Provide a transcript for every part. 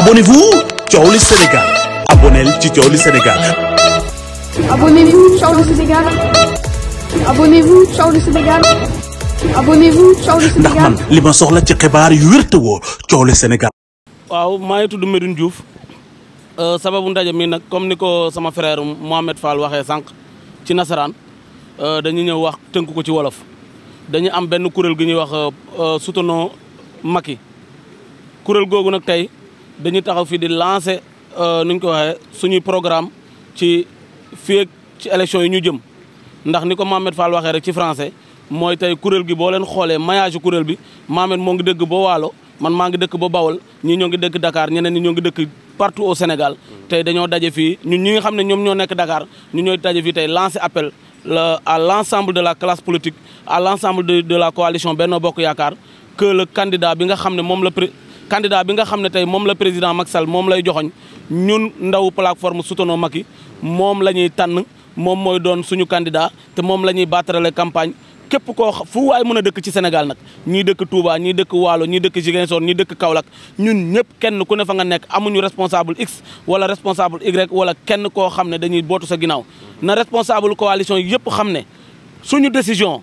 abonnez-vous Thiowli Sénégal abonneel ci Thiowli Sénégal. abonnez-vous Thiowli Sénégal. abonnez-vous Thiowli Sénégal. Sénégal. ndax man li ma soxla ci xibaar yu wér te wóor Thiowli Sénégal. waaw maa ngi tudd Medoune Diouf euh, sababu ndaje mi nag comme ni ko sama frère Mohamed Fall waxee sànq ci nasaraan euh, dañu ñëw wax tënk ko ci wolof dañu am benn kuréel gi ñuy wax euh, soutenons Macky kuréel googu nag tey. dañuy taxaw fi di lancer euh ñu ko waxe suñu programme ci fi ci élection yi ñu jëm ndax niko ko Mohamed Fall waxe rek ci français moy tay kurel gi bo len xolé maillage kurel bi Mohamed mo ngi deug bo walo man ma ngi dëkk bo Bawol ñi ñoo ngi Dakar ñeneen ñi ñoo ngi partout au Sénégal tay dañoo dajé fi ñun ñi nga xam ne ñoom ñoo nekk Dakar ñu ñoy dajé fi tay lancer appel à l'ensemble de la classe politique à l'ensemble de de la coalition Benno Bokk yakar que le candidat bi nga xam mom le la candidat bi nga xam ne tey moom la président Macky Sall moom lay joxoñ ñun ndaw plateforme soutenons yi moom la ñuy tànn moom mooy doon suñu candidat te moom la ñuy battarale campagne képp koo fu waay mën a dëkk ci Sénégal nag ñii dëkk Touba ñii dëkk Waalo ñii dëkk Ziguinchor ñii dëkk Kaolack ñun ñëpp kenn ku ne fa nga nekk amuñu responsable X wala responsable Y wala kenn koo xam ne dañuy bootu sa ginnaaw na responsable coalition yëpp xam ne suñu décision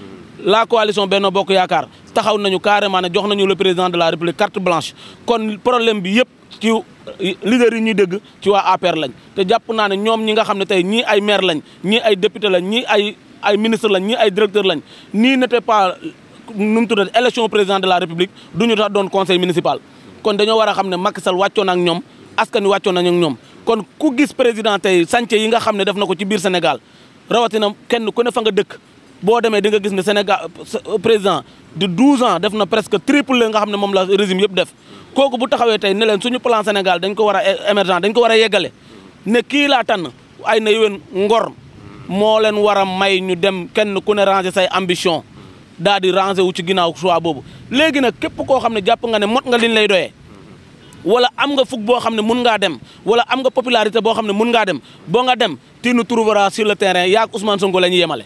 la coalition benn Bokk Yaakaar taxaw nañu carrément ne jox nañu le président de la république carte blanche kon problème bi yëpp ci leader yi ñuy dégg ci waa APR lañ te jàpp naa ne ñoom ñi nga xam ne tey ñii ay maire lañ ñii ay député lañ ñii ay ay ministre lañ ñi ay directeur lañ nii n'était pa nu mu tuddee élection président de la république du ñu tax doon conseil municipal kon dañoo war a xam ne Macky Sall wàccoon ak ñoom askan wi wàccoon nañ ak ñoom kon ku gis président tey sànce yi nga xam ne def na ko ci biir Sénégal rawatina kenn ku ne fa nga dëkk boo demee di nga gis ne Sénégal euh, président de 12 ans def na presque triple la nga xam ne moom la régime yëpp def kooku bu taxawee tey ne leen suñu plan Sénégal dañ ko war a émergent dañ ko war a yeggale ne kii laa tànn ay na yowén ngor moo leen war a may ñu dem kenn ku ne ranger say ambition daal di ranger wu ci ginnaaw choix boobu léegi nag képp koo xam ne jàpp nga ne mot nga liñ lay doyee wala am nga fukk boo xam ne mun ngaa dem wala am nga popularité boo xam ne mun ngaa dem boo nga dem tu nous trouveras sur le terrain yaag Ousmane Sonko la ñuy yemale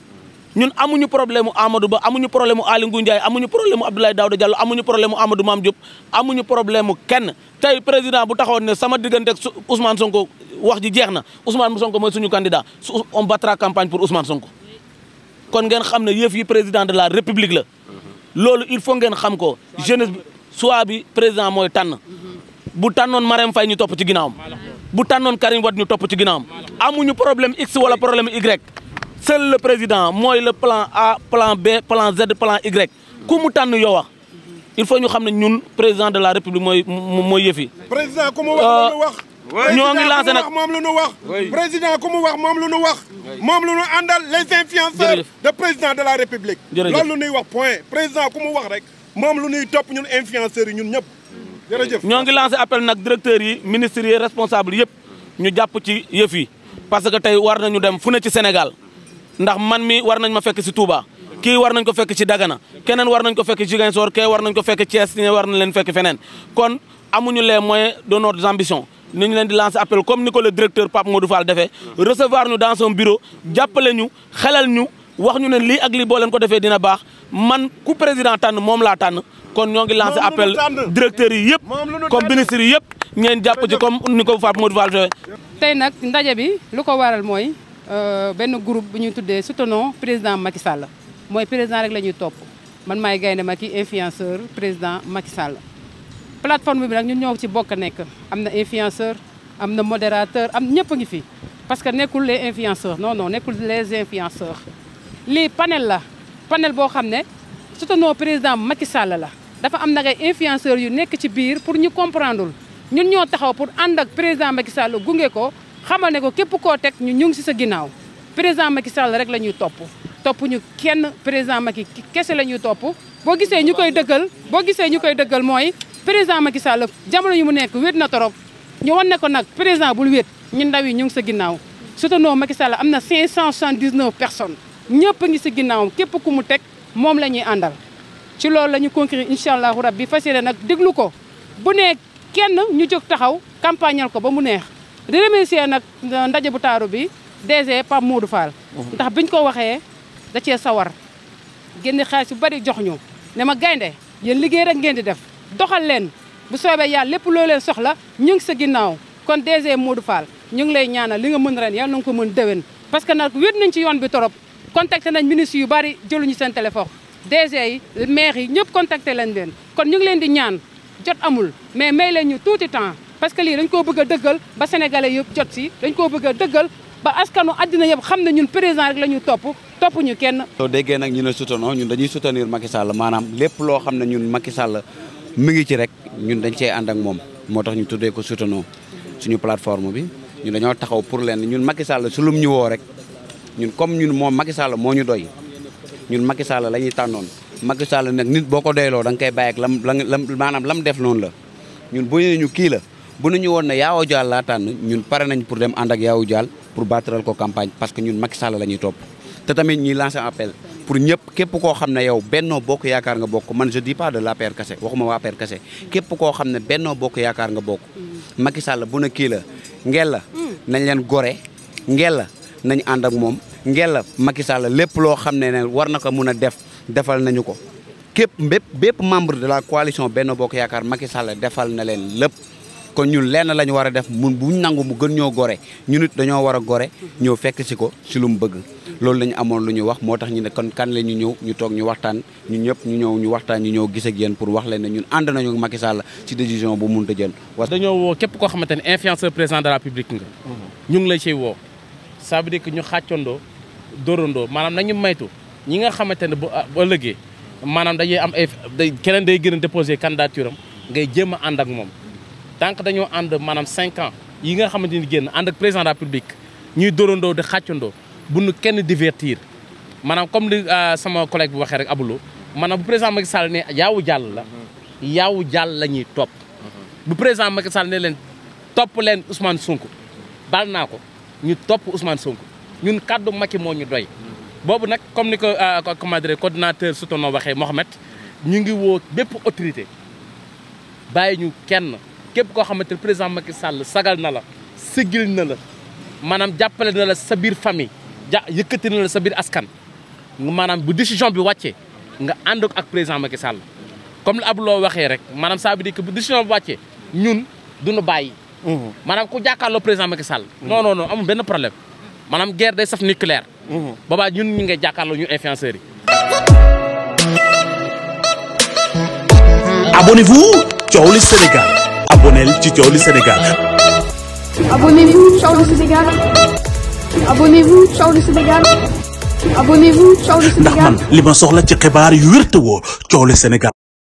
ñun amuñu problème mu Amadou Ba amuñu problème mu Aly Ngouille Ndiaye amuñu problème mu Abdoulaye Daouda Diallo amuñu problème mu Amadou Mame amuñu problème kenn tey président bu taxawoon ne sama diggante ak son Sonko wax ji jeex na Ousmane Sonko mooy suñu candidat on battra campagne pour Ousmane Sonko kon ngeen xam ne yëf yi président de la république la loolu il faut ngeen xam ko jeunesse bi soit bi président mooy tànn bu tànnoon Marème Faye ñu topp ci ginnaawam bu tànnoon Karim Wade ñu topp ci ginnaawam amuñu problème x wala problème y seul le président Moi, le plan A plan B plan Z plan Y Comment tu va il faut ñu nous le président de la république président comment Nous wax euh, le président comment wax le les influenceurs de président de la république Nous point président comment wax rek président lu appel à directeur, yi responsables parce que nous war nañu Sénégal ndax man mi war nañ ma fekk si Touba kii war nañ ko fekk ci Dagana keneen war nañ ko fekk Ziguinchor kee war nañ ko fekk Thiès ñee war nañ leen fekk feneen kon amuñu les moyens de nos ambitions ni ñu leen di lancer appel comme ni ko le directeur Pape Modou Fall defee recevoir ñu dans bureau jàppale ñu xelal ñu wax ñu ne lii ak lii boo leen ko defee dina baax man ku président tànn moom laa tànn kon ñoo ngi lancer appel directeurs yi yëpp comme ministres yi yëpp ngeen jàpp ci comme ko Pape Modou Fall defee. tey nag ndaje bi lu ko waral mooy. ben groupe bu ñu tuddee soutenons président Macky Sall moy président rek la top topp man maay gaynde Macky influenceur président Macky Sall. plateforme bi nak ñun ñoo ci bokk nek amna influenceur am modérateur am ñepp a ngi fi parce que nekul les influenceurs non non nekul les influenceurs les panel la panel bo xamné soutenons président Macky Sall la dafa am nag ay influenceurs yu nek ci biir pour ñu comprendre ñun ñoo taxaw pour and ak président Macky Sall gungé ko. xamal ne ko képp koo teg ñu ñu ngi si sa ginnaaw président Macky Sall rek la ñuy topp topp ñu kenn président Macky kese la ñuy topp boo gisee ñu koy dëggal boo gisee ñu koy dëggal mooy président Macky Sall jamono yu mu nekk wéet na torop ñu wan ne ko nag président bul wéet ñu ndaw yi ñu ngi sa ginnaaw surtout noo Macky Sall am na 579 personnes ñëpp a ngi si ginnaaw képp ku mu teg moom la ñuy àndal ci loolu la ñu conquérir incha rab bi fas yéene nag déglu ko bu nee kenn ñu jóg taxaw campagnal ko ba mu neex di remercier nag euh, ndaje bu taaru bi DG Pape Modou Fall. Mhm. ndax biñ ko waxee da cee sawar génne xaalis bu bari jox ñu ne ma gaynde yéen liggéey rek ngeen di def doxal leen bu soobee yàlla lépp loo leen soxla ñu ngi sa ginnaaw kon DG Modou Fall ñu ngi lay ñaanal li nga mën ren yàlla na nga ko mën déwén. parce que nag wéet nañ ci yoon bi torop contacté nañ ministre yu bari jëluñu seen téléphone DG yi maire yi ñëpp contacté lañ leen kon ñu ngi leen di ñaan jot amul mais may leen ñu tuuti temps. parce que lii dañ koo bëgg a dëggal ba sénégalais yëpp jot si dañ koo bëgg a dëggal ba askanu àddina yëpp xam ne ñun président rek la ñu topp topp ñu kenn soo déggee nag ñu ne soutenons ñun dañuy soutenir Macky Sall maanaam lépp loo xam ne ñun Macky Sall mi ngi ci rek ñun dañ cee ànd ak moom moo tax ñu tuddee ko soutenons suñu plateforme bi ñun dañoo taxaw pour leen ñun Macky Sall su lum ñu woo rek ñun comme ñun moom Macky Sall moo ñu doy ñun Macky Sall la ñuy tànnoon Macky Sall nag nit boo ko doyloo da nga koy bàyyi ak lam la maanaam lam def noonu la ñun bu ñu kii la buñu ñu won na Yawou jall la tan ñun paré nañ pour dem and ak Yawou jall pour battre ko campagne parce que ñun Macky Sall la top té tamit ñi lancer appel pour ñëpp képp ko xamné yow benno bokk yaakar nga bokk man je dis pas de paire cassé waxuma wa paire cassé képp ko xamné benno bokk yaakar nga bokk Macky Sall bu ki la ngel la nañ leen gore ngel la nañ and ak mom ngel la Macky Sall lepp lo xamné né war na ko def defal nañu ko kep bépp membre de la coalition Benno Bokk Yaakaar Macky Sall defal na leen lepp kon ñun lenn la ñu war a def mun buñ nangu mu gën ñoo gore ñun it dañoo war a gore ñëw fekk si ko si lu mu bëgg loolu la ñu amoon lu ñu wax moo tax ñu ne kon kan la ñu ñëw ñu toog ñu waxtaan ñun ñëpp ñu ñëw ñu waxtaan ñu ñëw gis ak yéen pour wax leen ne ñun ànd nañu Macky Sall ci décision bu mun a jël dañoo woo képp koo xamante ne influenceur président de la République nga ñu ngi la ciy woo ça veut dire que ñu xàccandoo dóorandoo maanaam nañu maytu ñi nga xamante ne bu ah, ëllëgee maanaam dañuy am ay keneen day gën a déposé candidature am a ànd ak moom donc dañoo ànd maanaam cinq ans yi nga xamante ni génn ànd ak président de la République ñuy dóorandoo di xàccandoo bu nu kenn divertir maanaam comme li euh, sama collègue bi waxee rek abulo maanaam bu président Macky Sall ne yaawu jàll la yaawu jàll la ñuy top bu président Macky Sall ne leen topp leen Ousmane Sonko bal naa ko ñu topp Ousmane Sonko ñun ma Macky moo ñu doy boobu nag comme ni ko euh, comment dire coordinateur sutono waxee Mohamed ñu ngi woo bépp autorité bàyyi ñu kenn képp koo xamante ne président Macky Sall sagal na la sigil na la maanaam jàppale na la sa biir famille ja yëkkati sa biir askan maanaam bu décision bi wàccee nga ànd ak président Macky Sall comme abu loo waxee rek maanaam ça veut dire que bu décision bi wàccee ñun duñu bàyyi mhm. maanaam ku jàkkaarloo président Macky Sall non non non amul benn problème maanaam guerre day saf nucléaire mhm. boobaa ñun ñu ngay jàkkaarloo ñu influenceurs yi Abonnez-vous Sénégal abonnel ci Thiowli Sénégal. abonnez-vous Thiowli Sénégal. abonnez-vous Thiowli Sénégal. abonnez-vous Thiowli Sénégal. ndax man li ma soxla ci xibaar yu wér te woo Thiowli Sénégal.